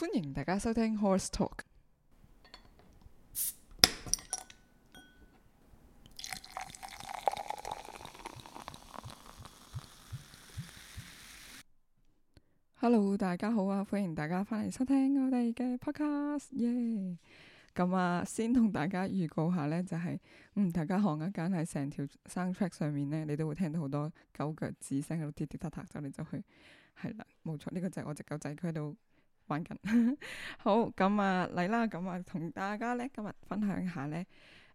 歡迎大家收聽《Horis Talk》。Hello，大家好啊！歡迎大家翻嚟收聽我哋嘅 Podcast，耶！咁啊，先同大家預告下呢、就是，就係嗯，大家行一間喺成條生 track 上面呢，你都會聽到好多狗腳趾聲喺度跌跌踏踏走嚟走去，係啦，冇錯，呢、這個就係我隻狗仔，佢喺度。玩緊， 好咁啊嚟啦！咁啊同大家咧今日分享下咧，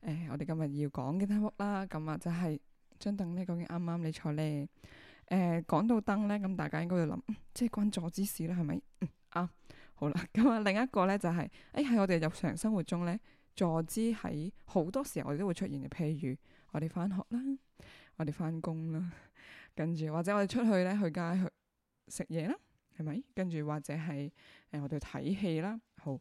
誒我哋今日要講嘅題目啦，咁啊就係張凳咧，究竟啱唔啱你坐咧？誒、呃、講到凳咧，咁大家應該要諗，即係關坐姿事啦，係咪、嗯？啊好啦，咁、嗯、啊另一個咧就係、是，誒、哎、喺我哋日常生活中咧，坐姿喺好多時候我哋都會出現嘅，譬如我哋翻學啦，我哋翻工啦，跟住或者我哋出去咧去街去食嘢啦。係咪？跟住或者係誒、呃、我哋睇戲啦。好誒、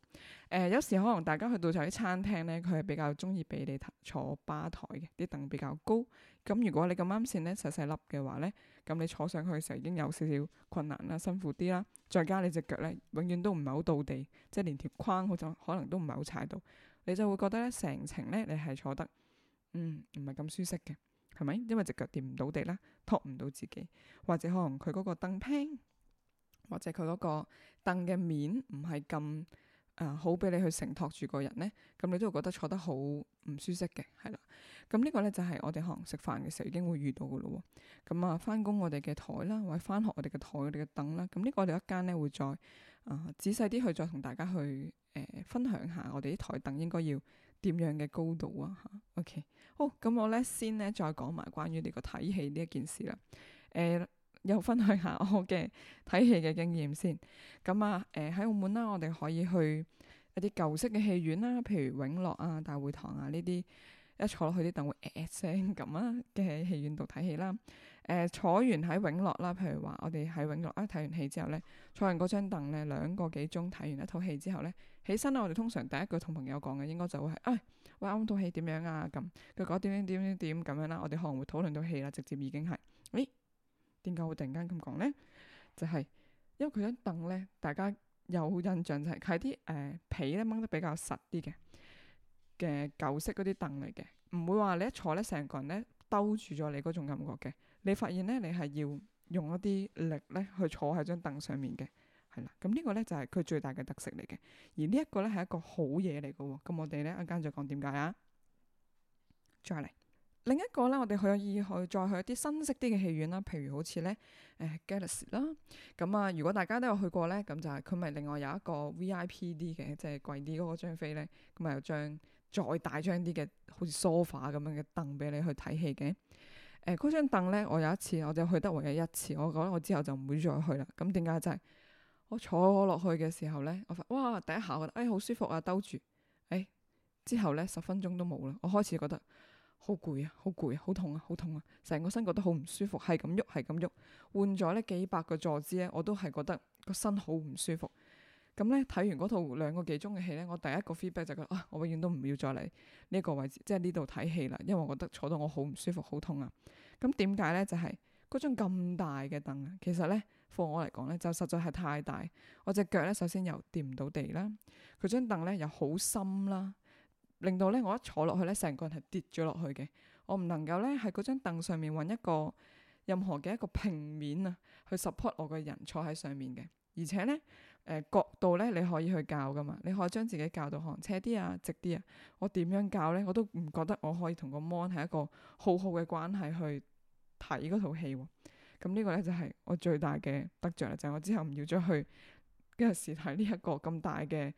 呃，有時可能大家去到就啲餐廳咧，佢係比較鍾意俾你坐吧台嘅，啲凳比較高。咁如果你咁啱線咧細細粒嘅話咧，咁你坐上去嘅時候已經有少少困難啦，辛苦啲啦。再加你隻腳咧，永遠都唔係好到地，即係連條框好可能都唔係好踩到，你就會覺得咧成程咧你係坐得嗯唔係咁舒適嘅，係咪？因為隻腳掂唔到地啦，托唔到自己，或者可能佢嗰個凳偏。或者佢嗰個凳嘅面唔係咁誒好，俾你去承托住個人咧，咁你都會覺得坐得好唔舒適嘅，係啦。咁呢個咧就係我哋可能食飯嘅時候已經會遇到噶咯。咁啊，返工我哋嘅台啦，或者返學我哋嘅台、我哋嘅凳啦，咁呢個我哋一間咧會再誒、呃、仔細啲去再同大家去誒、呃、分享下，我哋啲台凳應該要點樣嘅高度啊吓、啊。OK，好，咁我咧先咧再講埋關於呢個睇戲呢一件事啦。誒、呃。又分享下我嘅睇戲嘅經驗先。咁啊，誒、呃、喺澳門啦、啊，我哋可以去一啲舊式嘅戲院啦、啊，譬如永樂啊、大會堂啊呢啲。一坐落去啲凳會誒誒聲咁啊，喺戲院度睇戲啦。誒坐完喺永樂啦、啊，譬如話我哋喺永樂啊睇完戲之後咧，坐完嗰張凳咧兩個幾鐘睇完一套戲之後咧，起身咧我哋通常第一句同朋友講嘅應該就會、係、係，哎，喂，啱套戲點樣啊？咁佢講點點點點點咁樣啦，我哋可能會討論到戲啦，直接已經係。點解會突然間咁講咧？就係，因為佢張凳咧，大家有印象就係佢係啲誒皮咧掹得比較實啲嘅嘅舊式嗰啲凳嚟嘅，唔會話你一坐咧成個人咧兜住咗你嗰種感覺嘅。你發現咧，你係要用一啲力咧去坐喺張凳上面嘅，係啦。咁呢個咧就係佢最大嘅特色嚟嘅。而呢一個咧係一個好嘢嚟嘅。咁我哋咧一陣再講點解啊。再嚟。另一個咧，我哋去有意去再去一啲新式啲嘅戲院啦。譬如好似咧誒 Galaxy 啦，咁啊，如果大家都有去過咧，咁就係佢咪另外有一個 VIP 啲嘅，即係貴啲嗰張飛咧，咁咪有張再大張啲嘅，好似 sofa 咁樣嘅凳俾你去睇戲嘅。誒、呃、嗰張凳咧，我有一次我就去得唯一一次，我覺得我之後就唔會再去啦。咁點解？就係、是、我坐落去嘅時候咧，我發哇第一下覺得哎好舒服啊，兜住誒之後咧十分鐘都冇啦，我開始覺得。好攰啊！好攰啊！好痛啊！好痛啊！成個身覺得好唔舒服，係咁喐，係咁喐，換咗咧幾百個坐姿咧，我都係覺得個身好唔舒服。咁咧睇完嗰套兩個幾鐘嘅戲咧，我第一個 feedback 就覺得啊，我永遠都唔要再嚟呢個位置，即係呢度睇戲啦，因為我覺得坐到我好唔舒服，好痛啊！咁點解咧？就係嗰張咁大嘅凳啊，其實咧，放我嚟講咧，就實在係太大。我隻腳咧，首先又掂唔到地啦，佢張凳咧又好深啦。令到咧，我一坐落去咧，成個人係跌咗落去嘅。我唔能夠咧，喺嗰張凳上面搵一個任何嘅一個平面啊，去 support 我個人坐喺上面嘅。而且咧，誒、呃、角度咧，你可以去教㗎嘛。你可以將自己教到行斜啲啊，直啲啊。我點樣教咧，我都唔覺得我可以同個 mon 係一個好好嘅關係去睇嗰套戲喎。咁、嗯這個、呢個咧就係、是、我最大嘅得著啦。就係、是、我之後唔要咗去跟住試睇呢一個咁大嘅。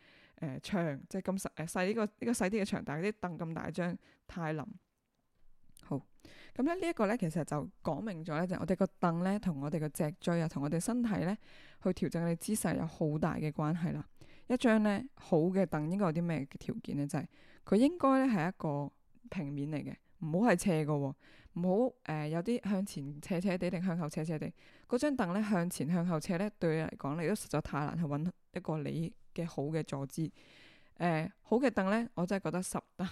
誒、呃，長即係咁細，誒細呢個呢個細啲嘅長，但係啲凳咁大張太冧。好，咁咧呢一個咧，其實就講明咗咧，就係我哋個凳咧，同我哋個脊椎啊，同我哋身體咧，去調整我哋姿勢有好大嘅關係啦。一張咧好嘅凳應該有啲咩嘅條件咧？就係、是、佢應該咧係一個平面嚟嘅，唔好係斜嘅，唔好誒有啲向前斜斜地，定向後斜斜地。嗰張凳咧向前向後斜咧，對你嚟講你都實在太難去搵一個你嘅好嘅坐姿，誒、呃、好嘅凳咧，我真係覺得十大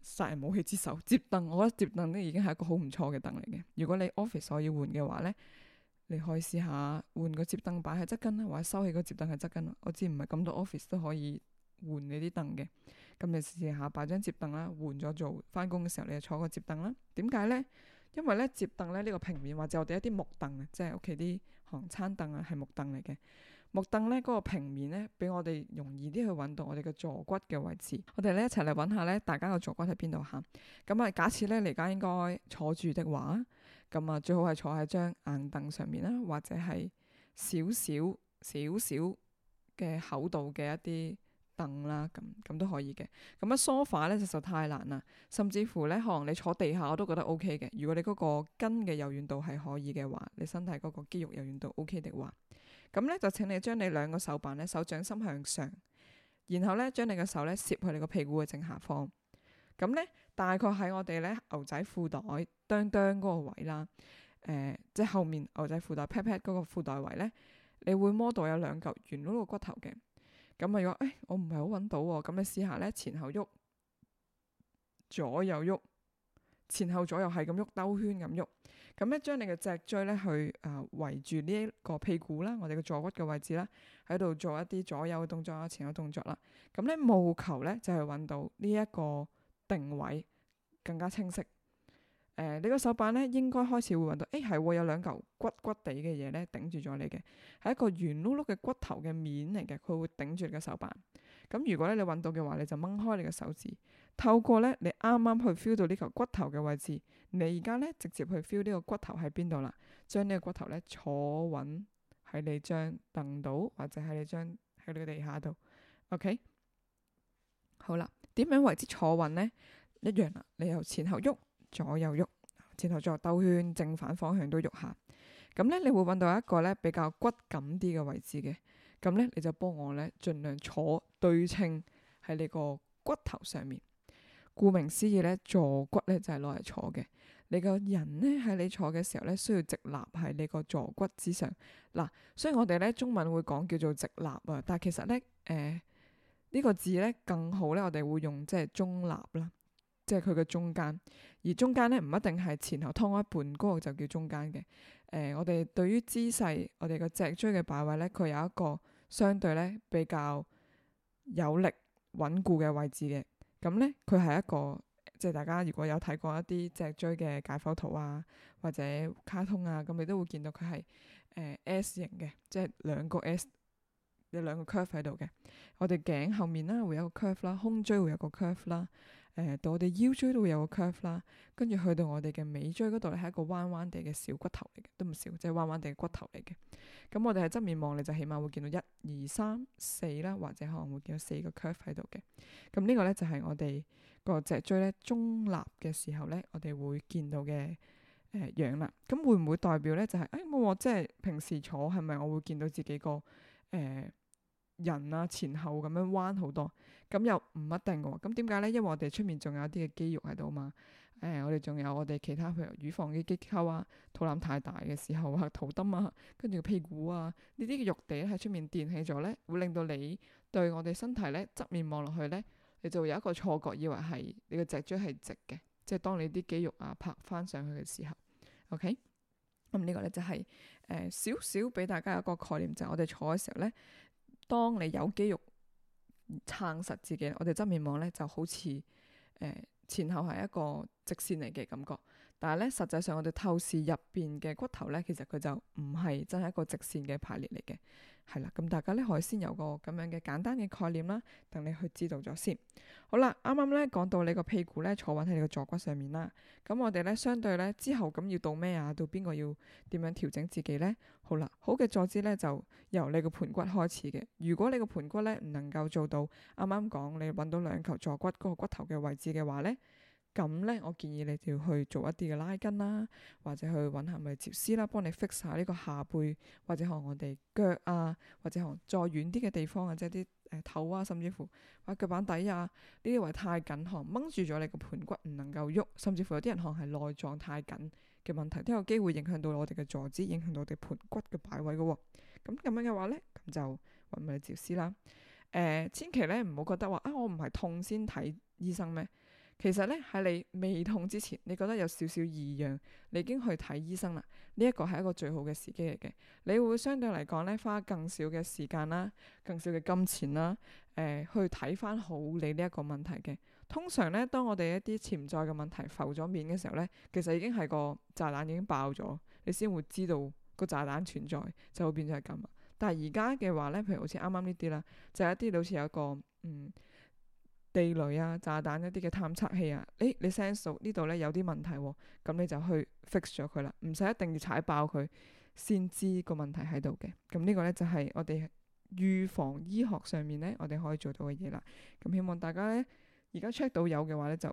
殺人武器之首。摺凳，我覺得摺凳咧已經係一個好唔錯嘅凳嚟嘅。如果你 office 可以換嘅話咧，你可以試下換個摺凳擺喺側邊啦，或者收起個摺凳喺側邊啦。我知唔係咁多 office 都可以換你啲凳嘅，咁你試下擺張摺凳啦，換咗做返工嘅時候，你就坐個摺凳啦。點解咧？因為咧摺凳咧呢個平面，或者我哋一啲木凳啊，即係屋企啲行餐凳啊，係木凳嚟嘅。木凳咧，嗰個平面咧，俾我哋容易啲去揾到我哋嘅坐骨嘅位置。我哋咧一齊嚟揾下咧，大家嘅坐骨喺邊度行。咁啊，假設咧，你而家應該坐住的話，咁啊，最好係坐喺張硬凳上面啦，或者係少少少少嘅厚度嘅一啲凳啦。咁咁都可以嘅。咁啊，梳化咧就實在太難啦，甚至乎咧，可能你坐地下我都覺得 OK 嘅。如果你嗰個筋嘅柔軟度係可以嘅話，你身體嗰個肌肉柔軟度 OK 嘅話。咁咧就請你將你兩個手板咧手掌心向上，然後咧將你嘅手咧攝去你個屁股嘅正下方。咁咧大概喺我哋咧牛仔褲袋釘釘嗰個位啦，誒、呃、即係後面牛仔褲袋 pat pat 嗰個褲袋位咧，你會摸到有兩嚿圓碌碌嘅骨頭嘅。咁啊，如果誒我唔係好揾到喎？咁你試下咧前後喐，左右喐，前後左右係咁喐兜圈咁喐。咁咧，將你嘅脊椎咧去誒圍住呢一個屁股啦，我哋嘅坐骨嘅位置啦，喺度做一啲左右嘅動作、前後動作啦。咁咧，務求咧就係揾到呢一個定位更加清晰。誒、呃，你個手板咧應該開始會揾到，誒係會有兩嚿骨骨地嘅嘢咧頂住咗你嘅，係一個圓碌碌嘅骨頭嘅面嚟嘅，佢會頂住你嘅手板。咁如果咧你揾到嘅話，你就掹開你嘅手指。透過咧，你啱啱去 feel 到呢嚿骨頭嘅位置，你而家咧直接去 feel 呢個骨頭喺邊度啦。將呢個骨頭咧坐穩喺你張凳度，或者喺你張喺你個地下度。OK，好啦，點樣為之坐穩咧？一樣啦，你由前後喐，左右喐，前後左右兜圈，正反方向都喐下。咁咧，你會搵到一個咧比較骨感啲嘅位置嘅。咁咧，你就幫我咧盡量坐對稱喺你個骨頭上面。顧名思義咧，坐骨咧就係攞嚟坐嘅。你個人咧喺你坐嘅時候咧，需要直立喺你個坐骨之上。嗱，雖然我哋咧中文會講叫做直立啊，但係其實咧，誒、呃、呢、這個字咧更好咧，我哋會用即係中立啦，即係佢嘅中間。而中間咧唔一定係前後劏一半，嗰、那個就叫中間嘅。誒、呃，我哋對於姿勢，我哋個脊椎嘅擺位咧，佢有一個相對咧比較有力、穩固嘅位置嘅。咁咧，佢係一個即係大家如果有睇過一啲脊椎嘅解剖圖啊，或者卡通啊，咁你都會見到佢係誒 S 型嘅，即係兩個 S，有兩個 curve 喺度嘅。我哋頸後面啦會有個 curve 啦，胸椎會有個 curve 啦。誒到我哋腰椎都會有個 curve 啦，跟住去到我哋嘅尾椎嗰度咧，係一個彎彎地嘅小骨頭嚟嘅，都唔少，即係彎彎地嘅骨頭嚟嘅。咁我哋喺側面望，你就起碼會見到一二三四啦，或者可能會見到四個 curve 喺度嘅。咁呢個咧就係、是、我哋個脊椎咧中立嘅時候咧，我哋會見到嘅誒、呃、樣啦。咁會唔會代表咧就係、是、誒、哎、我即係平時坐係咪我會見到自己個誒？呃人啊，前後咁樣彎好多，咁又唔一定嘅。咁點解咧？因為我哋出面仲有一啲嘅肌肉喺度嘛。誒、哎，我哋仲有我哋其他譬如乳房嘅結構啊，肚腩太大嘅時候啊，肚墩啊，跟住個屁股啊，呢啲嘅肉地喺出面墊起咗咧，會令到你對我哋身體咧側面望落去咧，你就有一個錯覺，以為係你嘅脊椎係直嘅。即係當你啲肌肉啊拍翻上去嘅時候，OK、嗯。咁、這、呢個咧就係誒少少俾大家一個概念，就係、是、我哋坐嘅時候咧。當你有肌肉撐實自己，我哋側面望呢就好似誒、前後係一個直線嚟嘅感覺。但係咧，實際上我哋透視入邊嘅骨頭咧，其實佢就唔係真係一個直線嘅排列嚟嘅，係啦。咁大家咧，可以先有個咁樣嘅簡單嘅概念啦，等你去知道咗先。好啦，啱啱咧講到你個屁股咧坐穩喺你個坐骨上面啦。咁我哋咧，相對咧之後咁要到咩啊？到邊個要點樣調整自己咧？好啦，好嘅坐姿咧就由你個盤骨開始嘅。如果你個盤骨咧唔能夠做到啱啱講你揾到兩球坐骨嗰個骨頭嘅位置嘅話咧。咁咧，我建議你就去做一啲嘅拉筋啦，或者去揾下物理治療師啦，幫你 fix 下呢個下背，或者行我哋腳啊，或者行再遠啲嘅地方啊，即係啲誒頭啊，甚至乎啊腳板底啊，呢啲位太緊行，掹住咗你個盤骨唔能夠喐，甚至乎有啲人可能係內臟太緊嘅問題，都、這、有、個、機會影響到我哋嘅坐姿，影響到我哋盤骨嘅擺位嘅喎、哦。咁咁樣嘅話咧，咁就揾物理治療師啦。誒、呃，千祈咧唔好覺得話啊，我唔係痛先睇醫生咩？其實咧，喺你未痛之前，你覺得有少少異樣，你已經去睇醫生啦。呢、這、一個係一個最好嘅時機嚟嘅，你會相對嚟講咧花更少嘅時間啦，更少嘅金錢啦，誒、呃、去睇翻好你呢一個問題嘅。通常咧，當我哋一啲潛在嘅問題浮咗面嘅時候咧，其實已經係個炸彈已經爆咗，你先會知道個炸彈存在，就會變咗係咁。但係而家嘅話咧，譬如好似啱啱呢啲啦，就係、一啲好似有一個嗯。地雷啊、炸彈一啲嘅探測器啊，誒、欸，你 sense 到呢度咧有啲問題喎、啊，咁你就去 fix 咗佢啦，唔使一定要踩爆佢，先知個問題喺度嘅。咁呢個咧就係、是、我哋預防醫學上面咧，我哋可以做到嘅嘢啦。咁希望大家咧，而家 check 到有嘅話咧， 就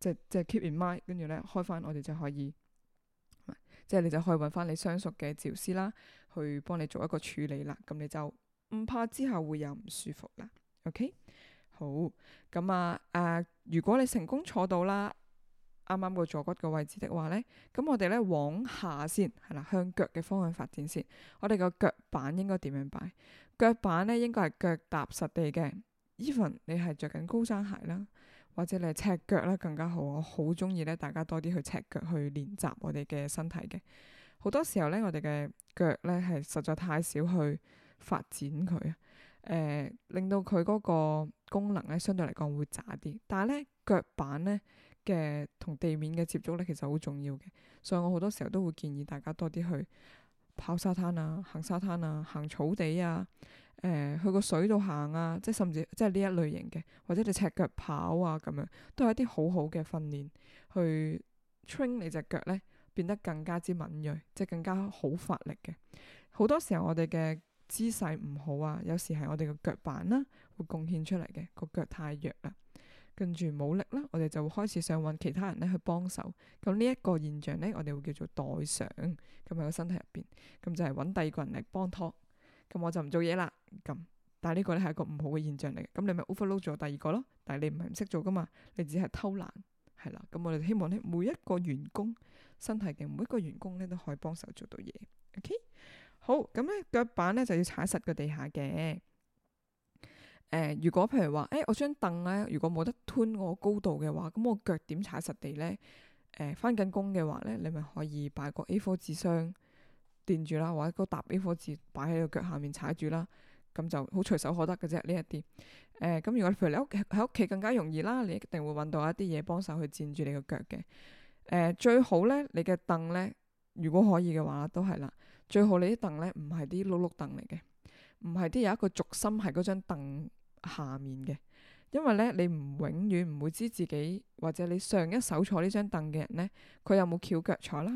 即即 keep in mind，跟住咧開翻我哋就可以，即、就、係、是、你就可以揾翻你相熟嘅治療師啦，去幫你做一個處理啦。咁你就唔怕之後會有唔舒服啦。OK。好咁啊！誒、嗯，如果你成功坐到啦，啱啱個坐骨嘅位置的話咧，咁我哋咧往下先，係啦，向腳嘅方向發展先。我哋個腳板應該點樣擺？腳板咧應該係腳踏實地嘅。Evan，你係着緊高踭鞋啦，或者你係赤腳啦更加好。我好中意咧，大家多啲去赤腳去練習我哋嘅身體嘅。好多時候咧，我哋嘅腳咧係實在太少去發展佢。誒、呃、令到佢嗰個功能咧，相對嚟講會渣啲，但係咧腳板咧嘅同地面嘅接觸咧，其實好重要嘅。所以我好多時候都會建議大家多啲去跑沙灘啊、行沙灘啊、行草地啊、誒、呃、去個水度行啊，即係甚至即係呢一類型嘅，或者你赤腳跑啊咁樣，都係一啲好好嘅訓練，去 train 你隻腳咧變得更加之敏銳，即係更加好發力嘅。好多時候我哋嘅姿勢唔好啊，有時係我哋個腳板啦，會貢獻出嚟嘅個腳太弱啦，跟住冇力啦，我哋就會開始想揾其他人咧去幫手。咁呢一個現象咧，我哋會叫做代償。咁喺個身體入邊，咁就係揾第二個人嚟幫拖。咁我就唔做嘢啦。咁但係呢個咧係一個唔好嘅現象嚟嘅。咁你咪 overload 咗第二個咯。但係你唔係唔識做噶嘛，你只係偷懶係啦。咁我哋希望咧每一個員工身體嘅每一個員工咧都可以幫手做到嘢。ok。好咁咧，腳板咧就要踩實個地下嘅。誒、呃，如果譬如話，誒、欸，我張凳咧，如果冇得吞我高度嘅話，咁我腳點踩實地咧？誒、呃，返緊工嘅話咧，你咪可以擺個 A4 紙箱墊住啦，或者個搭 A4 紙擺喺個腳下面踩住啦，咁就好隨手可得嘅啫。呢一啲，誒、呃，咁如果譬如你喺屋企更加容易啦，你一定會揾到一啲嘢幫手去墊住你個腳嘅。誒、呃，最好咧，你嘅凳咧，如果可以嘅話，都係啦。最好你啲凳咧，唔係啲碌碌凳嚟嘅，唔係啲有一個軸心喺嗰張凳下面嘅。因為咧你唔永遠唔會知自己或者你上一手坐呢張凳嘅人咧，佢有冇翹腳坐啦？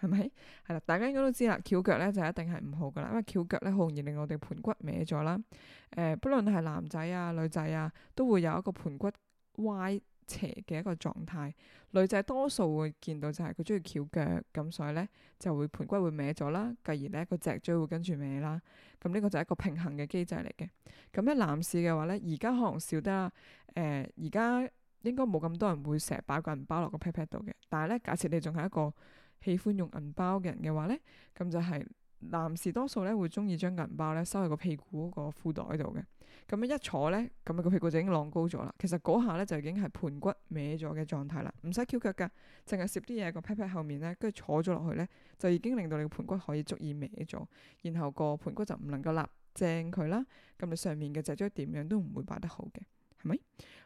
係咪係啦？大家應該都知啦，翹腳咧就一定係唔好噶啦，因為翹腳咧好容易令我哋盤骨歪咗啦。誒、呃，不論係男仔啊、女仔啊，都會有一個盤骨歪。斜嘅一個狀態，女仔多數會見到就係佢中意翹腳，咁所以咧就會盤骨會歪咗啦，繼而咧個脊椎會跟住歪啦，咁、這、呢個就係一個平衡嘅機制嚟嘅。咁喺男士嘅話咧，而家可能少得啦，誒而家應該冇咁多人會成日擺銀包落個 pat pat 度嘅，但係咧假設你仲係一個喜歡用銀包嘅人嘅話咧，咁就係、是。男士多數咧，會中意將銀包咧收喺個屁股嗰個褲袋度嘅，咁樣一坐咧，咁啊個屁股就已經晾高咗啦。其實嗰下咧就已經係盆骨歪咗嘅狀態啦，唔使翹腳噶，淨係攝啲嘢喺個 pat pat 後面咧，跟住坐咗落去咧，就已經令到你個盆骨可以足以歪咗，然後個盆骨就唔能夠立正佢啦。咁你上面嘅脊椎點樣都唔會擺得好嘅，係咪？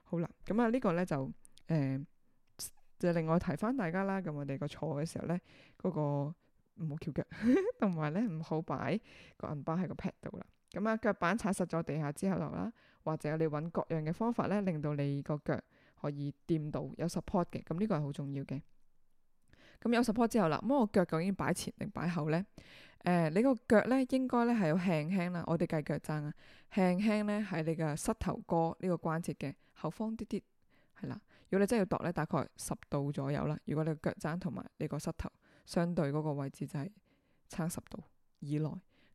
好啦，咁、這、啊、個、呢個咧就誒、呃，就另外提翻大家啦。咁我哋個坐嘅時候咧，嗰、那個。唔 好翹腳，同埋咧唔好擺個銀包喺個 pad 度啦。咁啊，腳板踩實咗地下之後啦，或者你揾各樣嘅方法咧，令到你個腳可以掂到有 support 嘅。咁呢個係好重要嘅。咁、嗯、有 support 之後啦，咁個腳究竟擺前定擺後咧？誒、呃，你個腳咧應該咧係要輕輕啦。我哋計腳踭啊，輕輕咧喺你嘅膝頭哥呢個關節嘅後方啲啲係啦。如果你真係要度咧，大概十度左右啦。如果你個腳踭同埋你個膝頭。相對嗰個位置就係差十度以內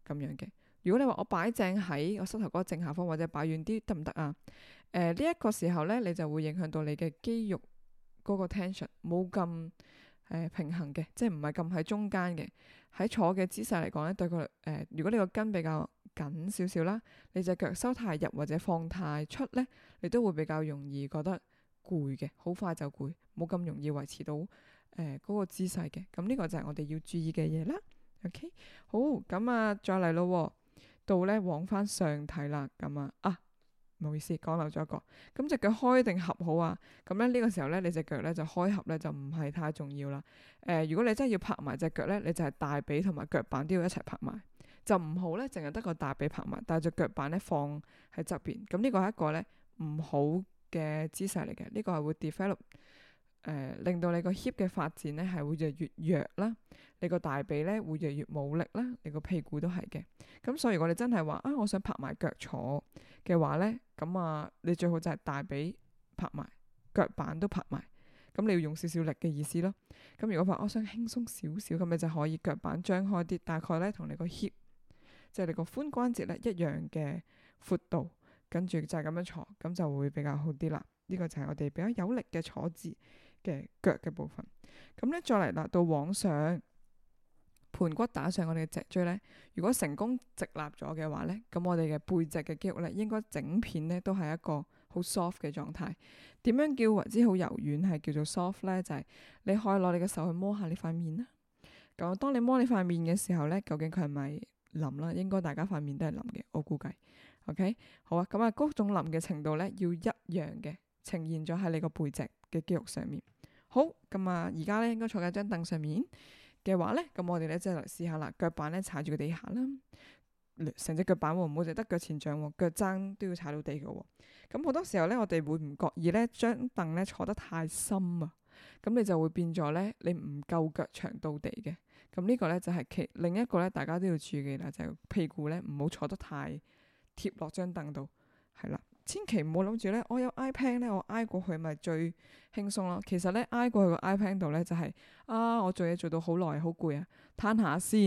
咁樣嘅。如果你話我擺正喺我膝頭哥正下方，或者擺遠啲得唔得啊？誒呢一個時候咧，你就會影響到你嘅肌肉嗰個 tension 冇咁誒、呃、平衡嘅，即係唔係咁喺中間嘅。喺坐嘅姿勢嚟講咧，對佢誒、呃，如果你個筋比較緊少少啦，你隻腳收太入或者放太出咧，你都會比較容易覺得攰嘅，好快就攰，冇咁容易維持到。誒，嗰、呃，嗰個姿勢嘅，咁呢個就係我哋要注意嘅嘢啦。OK，好，咁啊，再嚟咯，到咧往翻上睇啦，咁啊，啊，唔好意思，講漏咗一個。咁隻腳開定合好啊？咁咧呢個時候咧，你隻腳咧就開合咧就唔係太重要啦。誒、呃，如果你真係要拍埋隻腳咧，你就係大髀同埋腳板都要一齊拍埋，就唔好咧淨係得個大髀拍埋，但係隻腳板咧放喺側邊。咁呢個係一個咧唔好嘅姿勢嚟嘅，呢、呢個係會 develop。誒令到你個 hip 嘅發展咧，係會就越嚟越弱啦。你個大髀咧會就越冇力啦。你個屁股都係嘅。咁所以如果你，我哋真係話啊，我想拍埋腳坐嘅話咧，咁啊，你最好就係大髀拍埋腳板都拍埋。咁你要用少少力嘅意思咯。咁如果話我、啊、想輕鬆少少，咁你就可以腳板張開啲，大概咧同你個 hip 即係你個髖關節咧一樣嘅闊度，跟住就係咁樣坐，咁就會比較好啲啦。呢、這個就係我哋比較有力嘅坐姿。嘅腳嘅部分，咁咧再嚟啦，到往上盆骨打上我哋嘅脊椎咧。如果成功直立咗嘅話咧，咁我哋嘅背脊嘅肌肉咧，應該整片咧都係一個好 soft 嘅狀態。點樣叫為之好柔軟？係叫做 soft 咧，就係、是、你可以攞你嘅手去摸下你塊面啦。咁當你摸你塊面嘅時候咧，究竟佢係咪淋啦？應該大家塊面都係淋嘅，我估計。OK，好啊，咁啊，嗰種淋嘅程度咧要一樣嘅，呈現咗喺你個背脊。嘅肌肉上面，好，咁啊，而家咧，應該坐喺張凳上面嘅話咧，咁我哋咧即係嚟試下啦。腳板咧踩住個地下啦，成隻腳板唔好淨得腳前掌，腳踭都要踩到地嘅。咁好多時候咧，我哋會唔覺意咧，張凳咧坐得太深啊，咁你就會變咗咧，你唔夠腳長到地嘅。咁呢個咧就係、是、其另一個咧，大家都要注意啦，就係、是、屁股咧唔好坐得太貼落張凳度，係啦。千祈唔好諗住咧，我有 iPad 咧，我挨過去咪最輕鬆咯。其實咧，挨過去個 iPad 度咧，就係啊，我做嘢做到好耐，好攰啊，攤下先，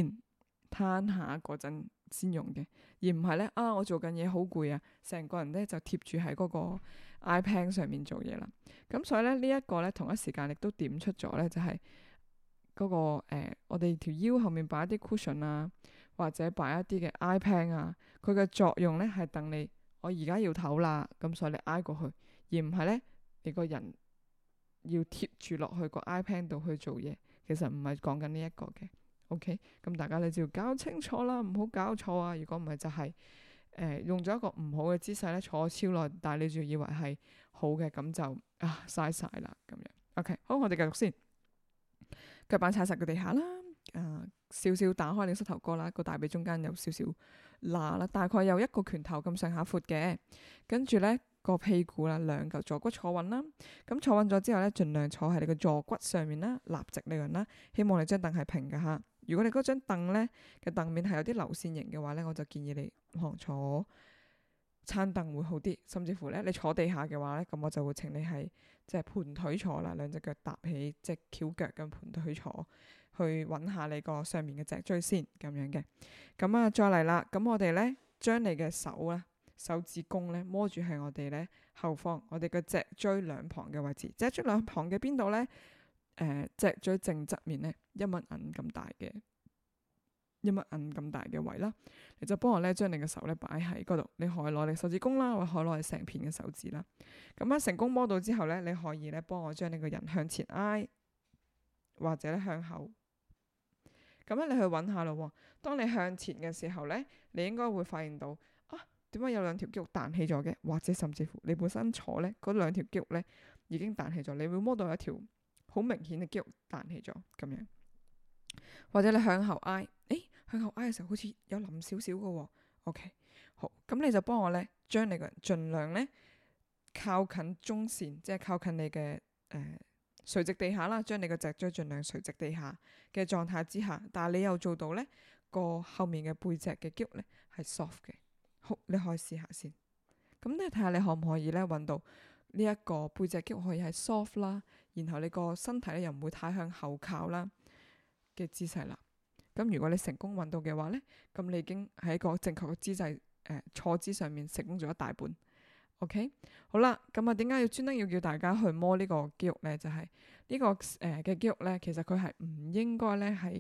攤下嗰陣先用嘅，而唔係咧啊，我做緊嘢好攰啊，成個人咧就貼住喺嗰個 iPad 上面做嘢啦。咁所以咧呢一個咧，同一時間亦都點出咗咧、嗰個，就係嗰個誒，我哋條腰後面擺一啲 cushion 啊，或者擺一啲嘅 iPad 啊，佢嘅作用咧係等你。我而家要唞啦，咁所以你挨過去，而唔係咧，你個人要貼住落去個 iPad 度去做嘢，其實唔係講緊呢一個嘅。OK，咁大家你就要搞清楚啦，唔好搞錯啊。如果唔係就係誒用咗一個唔好嘅姿勢咧坐超耐，但係你仲以為係好嘅，咁就啊嘥晒啦咁樣。OK，好，我哋繼續先，腳板踩實個地下啦。啊，少少打開你膝頭哥啦，個大髀中間有少少罅啦，大概有一個拳頭咁上下闊嘅，跟住咧個屁股啦，兩嚿坐骨坐穩啦，咁坐穩咗之後咧，盡量坐喺你個坐骨上面啦，立直你個人啦，希望你張凳係平嘅哈。如果你嗰張凳咧嘅凳面係有啲流線型嘅話咧，我就建議你行坐餐凳會好啲，甚至乎咧你坐地下嘅話咧，咁我就會請你係即係盤腿坐啦，兩隻腳搭起，即係翹腳咁盤腿坐。去揾下你個上面嘅脊椎先，咁樣嘅。咁啊，再嚟啦。咁我哋咧，將你嘅手咧，手指公咧，摸住喺我哋咧後方，我哋嘅脊椎兩旁嘅位置。脊椎兩旁嘅邊度咧，誒、呃，脊椎正側面咧，一蚊銀咁大嘅，一蚊銀咁大嘅位啦。你就幫我咧，將你嘅手咧擺喺嗰度。你可以攞你手指公啦，或者攞你成片嘅手指啦。咁啊，成功摸到之後咧，你可以咧幫我將呢個人向前挨，或者咧向後。咁咧，你去揾下咯。當你向前嘅時候咧，你應該會發現到啊，點解有兩條肌肉彈起咗嘅？或者甚至乎你本身坐咧，嗰兩條肌肉咧已經彈起咗，你會摸到一條好明顯嘅肌肉彈起咗咁樣。或者你向後挨，誒、欸、向後挨嘅時候好似有冧少少嘅喎。OK，好，咁你就幫我咧，將你個人盡量咧靠近中線，即係靠近你嘅誒，呃垂直地下啦，將你個脊椎盡量垂直地下嘅狀態之下，但係你又做到呢個後面嘅背脊嘅肌呢係 soft 嘅，好，你可以試下先。咁你睇下你可唔可以呢？揾到呢一個背脊肌可以係 soft 啦，然後你個身體呢又唔會太向後靠啦嘅姿勢啦。咁如果你成功揾到嘅話呢，咁你已經喺一個正確嘅姿勢，誒、呃，坐姿上面成功咗一大半。OK，好啦，咁啊，點解要專登要叫大家去摸呢個肌肉咧？就係、是、呢、這個誒嘅、呃、肌肉咧，其實佢係唔應該咧係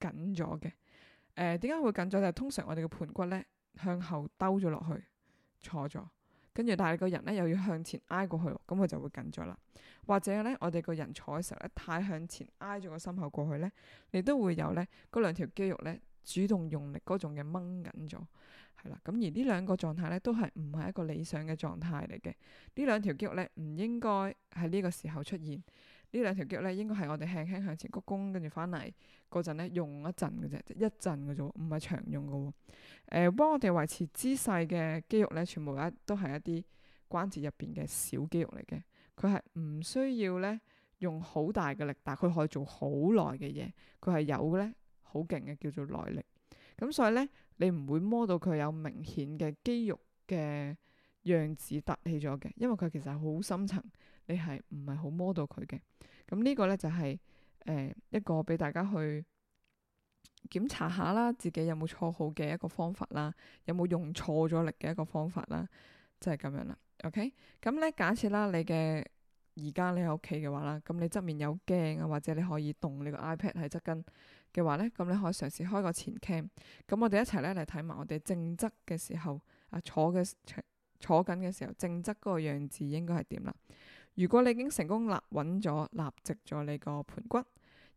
緊咗嘅。誒，點、呃、解會緊咗？就係通常我哋嘅盤骨咧向後兜咗落去，坐咗，跟住但係個人咧又要向前挨過去，咁佢就會緊咗啦。或者咧，我哋個人坐嘅時候咧太向前挨咗個心口過去咧，你都會有咧嗰兩條肌肉咧主動用力嗰種嘅掹緊咗。係啦，咁而呢兩個狀態咧，都係唔係一個理想嘅狀態嚟嘅。呢兩條肌肉咧，唔應該喺呢個時候出現。呢兩條肌肉咧，應該係我哋輕輕向前鞠躬，跟住翻嚟嗰陣咧，用一陣嘅啫，一陣嘅啫，唔係長用嘅，哦。誒、呃，幫我哋維持姿勢嘅肌肉咧，全部都一都係一啲關節入邊嘅小肌肉嚟嘅。佢係唔需要咧用好大嘅力，但係佢可以做好耐嘅嘢。佢係有咧好勁嘅，叫做耐力。咁所以咧。你唔會摸到佢有明顯嘅肌肉嘅樣子凸起咗嘅，因為佢其實係好深層，你係唔係好摸到佢嘅？咁呢個咧就係、是、誒、呃、一個俾大家去檢查下啦，自己有冇錯好嘅一個方法啦，有冇用錯咗力嘅一個方法啦，就係、是、咁樣啦。OK，咁咧假設啦，你嘅而家你喺屋企嘅話啦，咁你側面有鏡啊，或者你可以動你個 iPad 喺側跟，嘅話咧，咁你可以嘗試開個前 cam。咁我哋一齊咧嚟睇埋我哋正側嘅時候啊，坐嘅坐緊嘅時候正側嗰個樣子應該係點啦。如果你已經成功立穩咗、立直咗你個盤骨，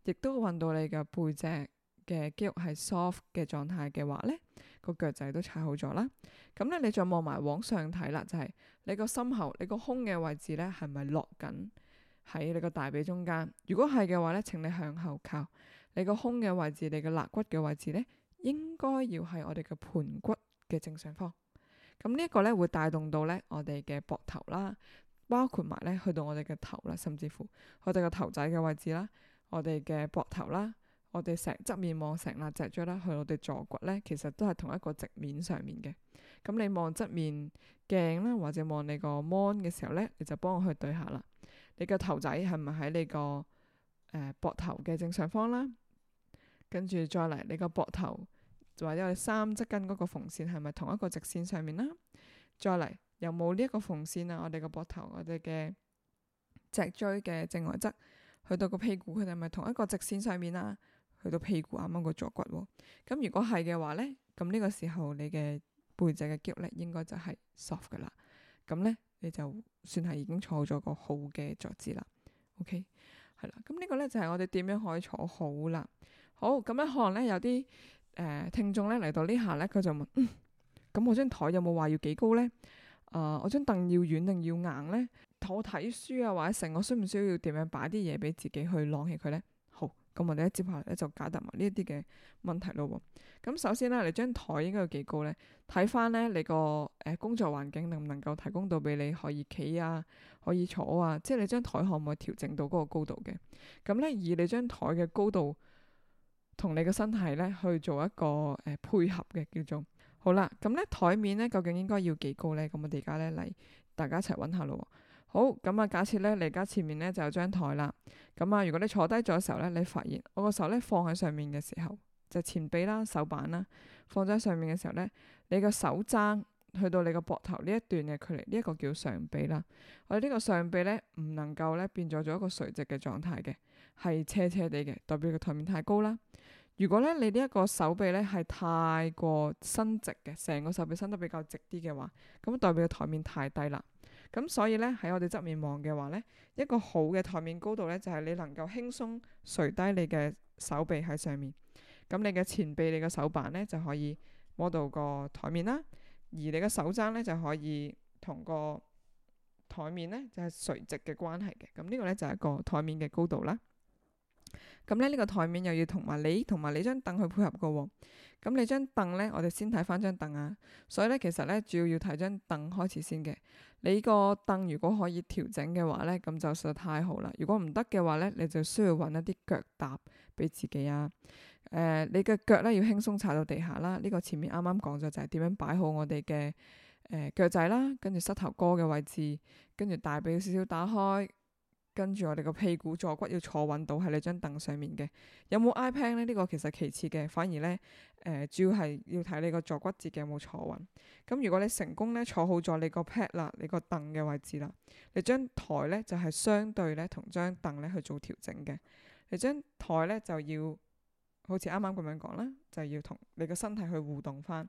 亦都揾到你嘅背脊嘅肌肉係 soft 嘅狀態嘅話咧，個腳仔都踩好咗啦。咁咧你再望埋往上睇啦，就係、是、你個心口、你個胸嘅位置咧，係咪落緊喺你個大髀中間？如果係嘅話咧，請你向後靠。你個胸嘅位置，你個肋骨嘅位置咧，應該要係我哋嘅盆骨嘅正上方。咁呢一個咧會帶動到咧我哋嘅膊頭啦，包括埋咧去到我哋嘅頭啦，甚至乎我哋個頭仔嘅位置啦，我哋嘅膊頭啦，我哋成側，側面望成條脊椎啦，去到我哋坐骨咧，其實都係同一個直面上面嘅。咁你望側面鏡啦，或者望你個 mon 嘅時候咧，你就幫我去對下啦。你個頭仔係咪喺你個誒膊頭嘅正上方啦？跟住再嚟，你個膊頭或者我哋三側筋嗰個縫線係咪同一個直線上面啦？再嚟，有冇呢一個縫線啊？我哋個膊頭，我哋嘅脊椎嘅正外側去到個屁股，佢哋係咪同一個直線上面啦？去到屁股啱啱個坐骨。咁如果係嘅話咧，咁呢個時候你嘅背脊嘅肌肉咧，應該就係 soft 噶啦。咁咧，你就算係已經坐咗個好嘅坐姿啦。OK，係啦。咁呢個咧就係、是、我哋點樣可以坐好啦。好，咁咧，可能咧有啲誒、呃、聽眾咧嚟到呢下咧，佢就問：咁、嗯、我張枱有冇話要幾高咧？啊、呃，我張凳要軟定要硬咧？我睇書啊，或者成，我需唔需要點樣擺啲嘢俾自己去晾起佢咧？好，咁我哋一接下來咧就解答埋呢一啲嘅問題咯。咁首先咧，你張枱應該有幾高咧？睇翻咧你個誒工作環境能唔能夠提供到俾你可以企啊，可以坐啊，即、就、係、是、你張枱可唔可以調整到嗰個高度嘅？咁咧，以你張枱嘅高度。同你個身體咧去做一個誒、呃、配合嘅叫做好啦，咁咧台面咧究竟應該要幾高咧？咁我哋而家咧嚟大家一齊搵下咯。好，咁啊假設咧你而家前面咧就有張台啦咁啊如果你坐低咗嘅時候咧，你發現我個手咧放喺上面嘅時候，就是、前臂啦、手板啦，放咗喺上面嘅時候咧，你個手踭。去到你個膊頭呢一段嘅距離，呢一個叫上臂啦。我哋呢個上臂咧唔能夠咧變咗做一個垂直嘅狀態嘅，係斜斜啲嘅，代表個台面太高啦。如果咧你呢一個手臂咧係太過伸直嘅，成個手臂伸得比較直啲嘅話，咁代表個台面太低啦。咁所以咧喺我哋側面望嘅話咧，一個好嘅台面高度咧就係你能夠輕鬆垂低你嘅手臂喺上面，咁你嘅前臂、你嘅手板咧就可以摸到個台面啦。而你嘅手踭咧就可以同個台面咧就係、是、垂直嘅關係嘅，咁、這、呢個咧就係一個台面嘅高度啦。咁咧呢個台面又要同埋你同埋你張凳去配合嘅喎、哦。咁你張凳咧，我哋先睇返張凳啊。所以咧，其實咧主要要睇張凳開始先嘅。你個凳如果可以調整嘅話咧，咁就實在太好啦。如果唔得嘅話咧，你就需要搵一啲腳踏俾自己啊。誒、呃，你嘅腳咧要輕鬆踩到地下啦。呢、這個前面啱啱講咗就係點樣擺好我哋嘅誒腳仔啦，跟住膝頭哥嘅位置，跟住大髀要少少打開，跟住我哋個屁股坐骨要坐穩到喺你張凳上面嘅。有冇 iPad 呢？呢、這個其實其次嘅，反而呢，誒、呃、主要係要睇你個坐骨節嘅有冇坐穩。咁、嗯、如果你成功呢，坐好咗你個 pad 啦，你個凳嘅位置啦，你張台呢，就係、是、相對呢，同張凳呢去做調整嘅。你張台呢，就要。好似啱啱咁樣講啦，就係、要同你個身體去互動翻，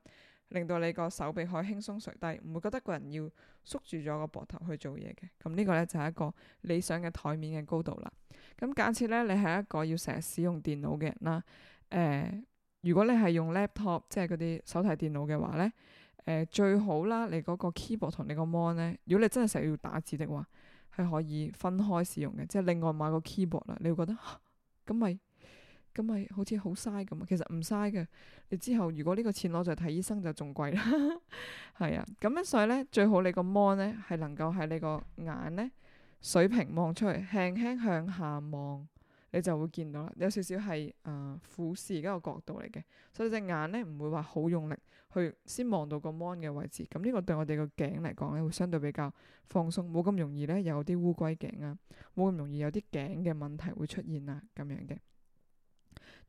令到你個手臂可以輕鬆垂低，唔會覺得個人要縮住咗個膊頭去做嘢嘅。咁、嗯、呢、呢個咧就係一個理想嘅台面嘅高度啦。咁、嗯、假設咧，你係一個要成日使用電腦嘅人啦，誒、呃，如果你係用 laptop，即係嗰啲手提電腦嘅話咧，誒、呃，最好啦，你嗰個 keyboard 同你個 mon 咧，如果你真係成日要打字的話，係可以分開使用嘅，即係另外買個 keyboard 啦。你會覺得咁咪？咁咪好似好嘥咁，其實唔嘥嘅。你之後如果呢個錢攞咗睇醫生就仲貴啦，係啊。咁樣所以咧，最好你個 mon 咧係能夠喺你個眼咧水平望出去，輕輕向下望，你就會見到啦。有少少係誒俯視嘅一個角度嚟嘅，所以隻眼咧唔會話好用力去先望到個 mon 嘅位置。咁呢個對我哋個頸嚟講咧，會相對比較放鬆，冇咁容易咧有啲烏龜頸啊，冇咁容易有啲頸嘅問題會出現啊，咁樣嘅。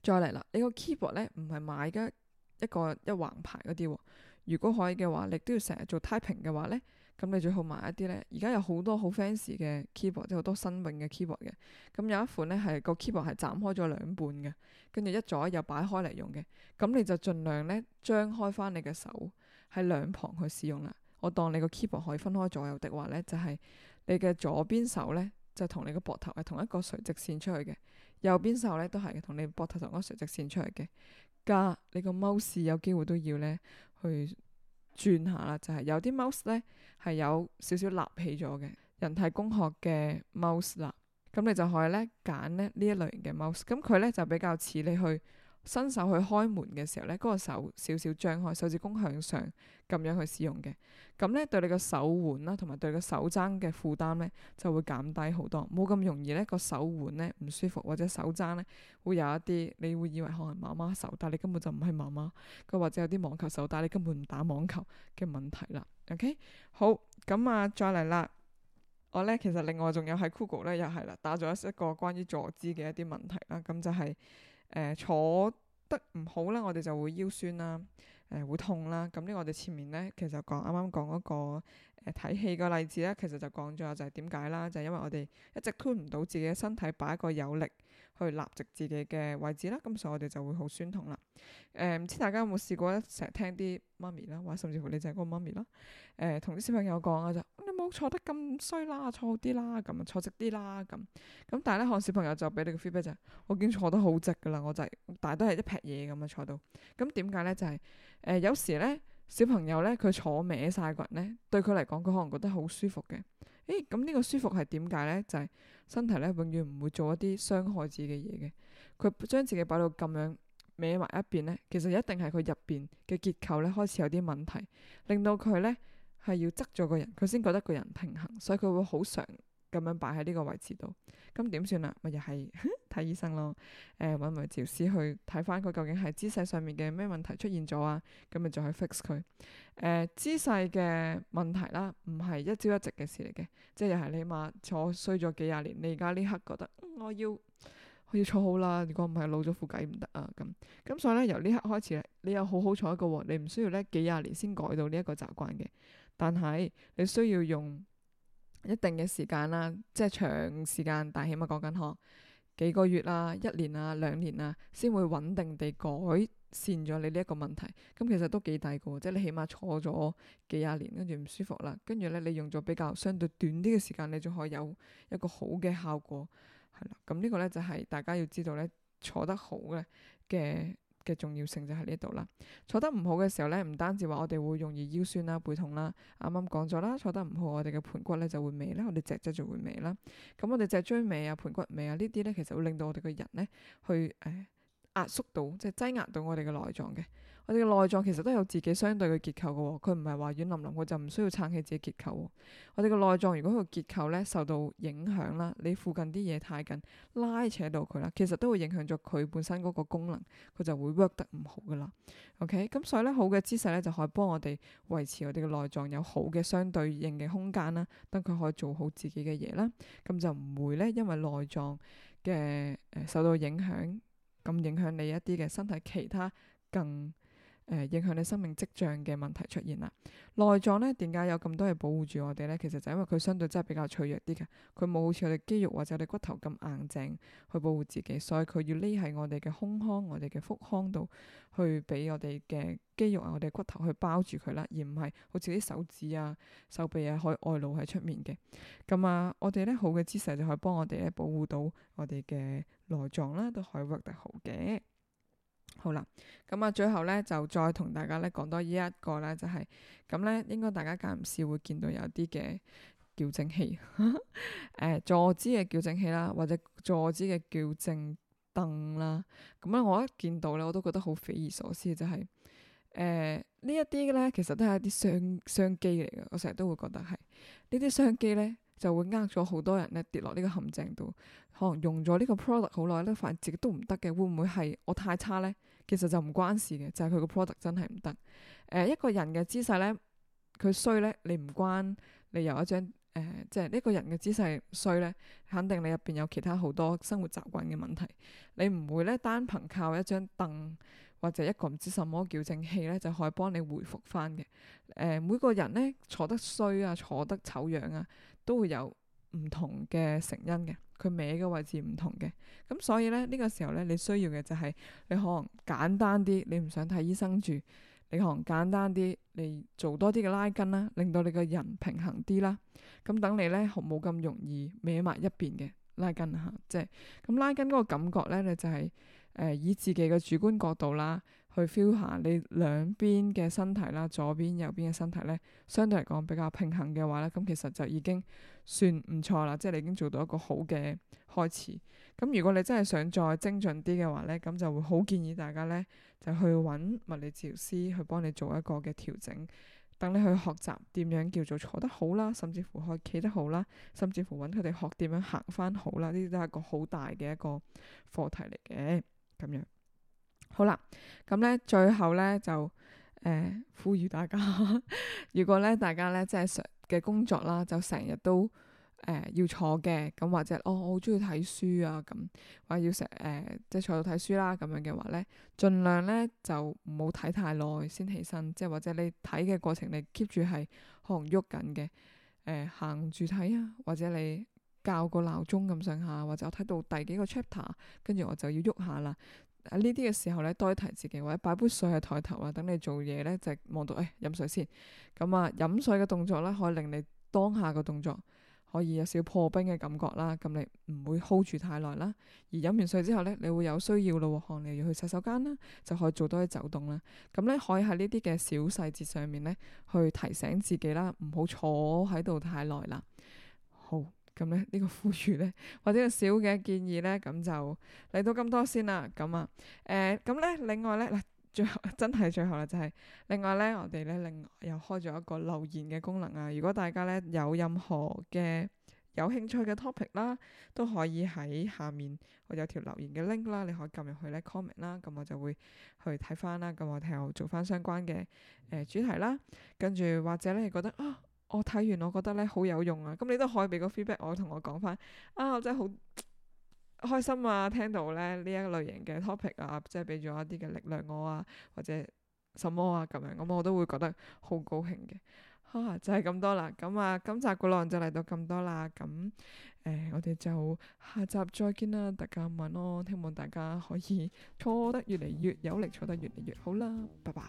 再嚟啦，你個 keyboard 咧唔係買嘅一個一橫排嗰啲。如果可以嘅話，你都要成日做 typing 嘅話咧，咁你最好買一啲咧。而家有好多好 fancy 嘅 keyboard，即係好多新穎嘅 keyboard 嘅。咁有一款咧係個 keyboard 係斬開咗兩半嘅，跟住一左一右擺開嚟用嘅。咁你就盡量咧張開返你嘅手喺兩旁去使用啦。我當你個 keyboard 可以分開左右的話咧，就係你嘅左邊手咧就同你嘅膊頭係同一個垂直線出去嘅。右邊手咧都係同你膊頭同安垂直線出嚟嘅。加你個 mouse 有機會都要咧去轉下啦，就係有啲 mouse 咧係有少少立起咗嘅，人體工學嘅 mouse 啦。咁你就可以咧揀咧呢一類型嘅 mouse，咁佢咧就比較似你去，伸手去開門嘅時候咧，嗰、那個手少少張開，手指弓向上，咁樣去使用嘅，咁咧對你,手對你手、那個手腕啦，同埋對個手踭嘅負擔咧，就會減低好多，冇咁容易咧個手腕咧唔舒服，或者手踭咧會有一啲，你會以為可能媽媽手，但你根本就唔係媽媽，佢或者有啲網球手，但你根本唔打網球嘅問題啦。OK，好，咁啊，再嚟啦，我咧其實另外仲有喺 Google 咧又係啦，打咗一一個關於坐姿嘅一啲問題啦，咁就係、是。.誒、呃、坐得唔好呢，我哋就會腰酸啦，誒、呃、會痛啦。咁呢個我哋前面呢，其實講啱啱講嗰個誒睇戲嘅例子呢，其實就講咗就係點解啦，就係、是、因為我哋一直箍唔到自己嘅身體擺一個有力。去立直自己嘅位置啦，咁所以我哋就會好酸痛啦。誒、呃，唔知大家有冇試過咧，成日聽啲媽咪啦，或者甚至乎你就係嗰個媽咪啦，誒、呃，同啲小朋友講啊、就是就是，就你冇坐得咁衰啦，坐好啲啦，咁坐直啲啦，咁咁，但係咧，小朋友就俾你個 feedback 就，我已經坐得好直噶啦，我就係，但係都係一劈嘢咁啊，坐到。咁點解咧？就係誒，有時咧小朋友咧，佢坐歪晒骨咧，對佢嚟講，佢可能覺得好舒服嘅。誒，咁、這、呢個舒服係點解咧？就係、是、身體咧永遠唔會做一啲傷害自己嘅嘢嘅。佢將自己擺到咁樣歪埋一邊咧，其實一定係佢入邊嘅結構咧開始有啲問題，令到佢咧係要側咗個人，佢先覺得個人平衡，所以佢會好想。咁樣擺喺呢個位置度，咁點算啦？咪又係睇 醫生咯，誒、呃，揾埋治療師去睇翻佢究竟係姿勢上面嘅咩問題出現咗啊？咁咪就去 fix 佢。誒、呃，姿勢嘅問題啦，唔係一朝一夕嘅事嚟嘅，即係又係你起碼坐衰咗幾廿年，你而家呢刻覺得、嗯、我要我要坐好啦，如果唔係老咗副偈唔得啊咁。咁所以咧，由呢刻開始咧，你又好好彩嘅喎，你唔需要咧幾廿年先改到呢一個習慣嘅，但係你需要用。一定嘅時間啦，即係長時間，但係起碼講緊嗬幾個月啦、啊、一年啊、兩年啊，先會穩定地改善咗你呢一個問題。咁其實都幾大嘅，即係你起碼坐咗幾廿年，跟住唔舒服啦，跟住咧你用咗比較相對短啲嘅時間，你仲可以有一個好嘅效果，係啦。咁、這、呢個咧就係大家要知道咧，坐得好咧嘅。嘅重要性就喺呢度啦。坐得唔好嘅時候咧，唔單止話我哋會容易腰酸啦、背痛啦，啱啱講咗啦。坐得唔好，我哋嘅盤骨咧就會歪啦，我哋脊椎就會歪啦。咁我哋脊椎歪啊、盤骨歪啊，呢啲咧其實會令到我哋嘅人咧去誒壓縮到，即係擠壓到我哋嘅內臟嘅。我哋嘅內臟其實都有自己相對嘅結構噶喎，佢唔係話軟腍腍，佢就唔需要撐起自己結構喎。我哋嘅內臟如果佢個結構咧受到影響啦，你附近啲嘢太緊拉扯到佢啦，其實都會影響咗佢本身嗰個功能，佢就會 work 得唔好噶啦。OK，咁所以咧好嘅姿勢咧就可以幫我哋維持我哋嘅內臟有好嘅相對應嘅空間啦，等佢可以做好自己嘅嘢啦。咁就唔會咧因為內臟嘅誒受到影響，咁影響你一啲嘅身體其他更。誒、呃，影響你生命跡象嘅問題出現啦。內臟咧，點解有咁多嘢保護住我哋咧？其實就因為佢相對真係比較脆弱啲嘅，佢冇好似我哋肌肉或者我哋骨頭咁硬淨去保護自己，所以佢要匿喺我哋嘅胸腔、我哋嘅腹腔度去俾我哋嘅肌肉啊、我哋骨頭去包住佢啦，而唔係好似啲手指啊、手臂啊可以外露喺出面嘅。咁啊，我哋咧好嘅姿勢就可以幫我哋咧保護到我哋嘅內臟啦，都可以 work 得好嘅。好啦，咁啊，最後咧就再同大家咧講多依一個啦。就係咁咧，應該大家間唔時會見到有啲嘅矯正器，誒、 呃，坐姿嘅矯正器啦，或者坐姿嘅矯正凳啦，咁咧我一見到咧，我都覺得好匪夷所思，就係、是、誒、呃、呢一啲嘅咧，其實都係一啲商商機嚟嘅，我成日都會覺得係呢啲商機咧。就會呃咗好多人咧，跌落呢個陷阱度，可能用咗呢個 product 好耐咧，反而自己都唔得嘅。會唔會係我太差咧？其實就唔關事嘅，就係佢個 product 真係唔得。誒、呃，一個人嘅姿勢咧，佢衰咧，你唔關你有一張誒，即係呢個人嘅姿勢衰咧，肯定你入邊有其他好多生活習慣嘅問題。你唔會咧單憑靠一張凳或者一個唔知什麼矯正器咧，就可以幫你回复翻嘅。誒、呃，每個人咧坐得衰啊，坐得醜樣啊。都會有唔同嘅成因嘅，佢歪嘅位置唔同嘅，咁所以咧呢，呢個時候咧你需要嘅就係你可能簡單啲，你唔想睇醫生住，你可能簡單啲你做多啲嘅拉筋啦，令到你個人平衡啲啦，咁等你咧冇咁容易歪埋一邊嘅拉筋嚇，即係咁拉筋嗰個感覺咧，就係，你就係誒以自己嘅主觀角度啦。去 feel 下你兩邊嘅身體啦，左邊右邊嘅身體咧，相對嚟講比較平衡嘅話咧，咁其實就已經算唔錯啦，即係你已經做到一個好嘅開始。咁如果你真係想再精進啲嘅話咧，咁就會好建議大家咧就去揾物理治療師去幫你做一個嘅調整，等你去學習點樣叫做坐得好啦，甚至乎可以企得好啦，甚至乎揾佢哋學點樣行翻好啦，呢啲都係一個好大嘅一個課題嚟嘅，咁樣。好啦，咁咧最後咧就誒、呃、呼籲大家， 如果咧大家咧即係嘅工作啦，就成日都誒、呃、要坐嘅，咁或者哦我好中意睇書啊，咁話要成誒、呃、即係坐度睇書啦，咁樣嘅話咧，儘量咧就唔好睇太耐先起身，即係或者你睇嘅過程你 keep 住係可能喐緊嘅，誒行住睇啊，或者你校個鬧鐘咁上下，或者我睇到第幾個 chapter，跟住我就要喐下啦。呢啲嘅時候咧，多啲提自己，或者擺杯水喺台頭啊。等你做嘢咧，就望、是、到，誒、哎，飲水先。咁啊，飲水嘅動作咧，可以令你當下嘅動作可以有少破冰嘅感覺啦。咁你唔會 hold 住太耐啦。而飲完水之後咧，你會有需要咯，可能你要去洗手間啦，就可以做多啲走動啦。咁咧，可以喺呢啲嘅小細節上面咧，去提醒自己啦，唔好坐喺度太耐啦。好。咁咧、嗯這個、呢個呼籲咧，或者個小嘅建議咧，咁就嚟到咁多先啦。咁、嗯、啊，誒咁咧，另外咧嗱，最後真係最後咧，就係、是、另外咧，我哋咧另外又開咗一個留言嘅功能啊。如果大家咧有任何嘅有興趣嘅 topic 啦，都可以喺下面我有條留言嘅 link 啦，你可以撳入去咧 comment 啦，咁我就會去睇翻啦，咁我哋又做翻相關嘅誒、呃、主題啦。跟住或者咧你覺得啊～我睇完，我覺得咧好有用啊！咁你都可以俾個 feedback，我同我講翻啊，我真係好開心啊！聽到咧呢一類型嘅 topic 啊，即係俾咗一啲嘅力量我啊，或者什麼啊咁樣，咁我都會覺得好高興嘅。啊，就係、是、咁多啦。咁啊，今集個浪就嚟到咁多啦。咁誒、呃，我哋就下集再見啦，大家晚安。希望大家可以坐得越嚟越有力，坐得越嚟越好啦。拜拜。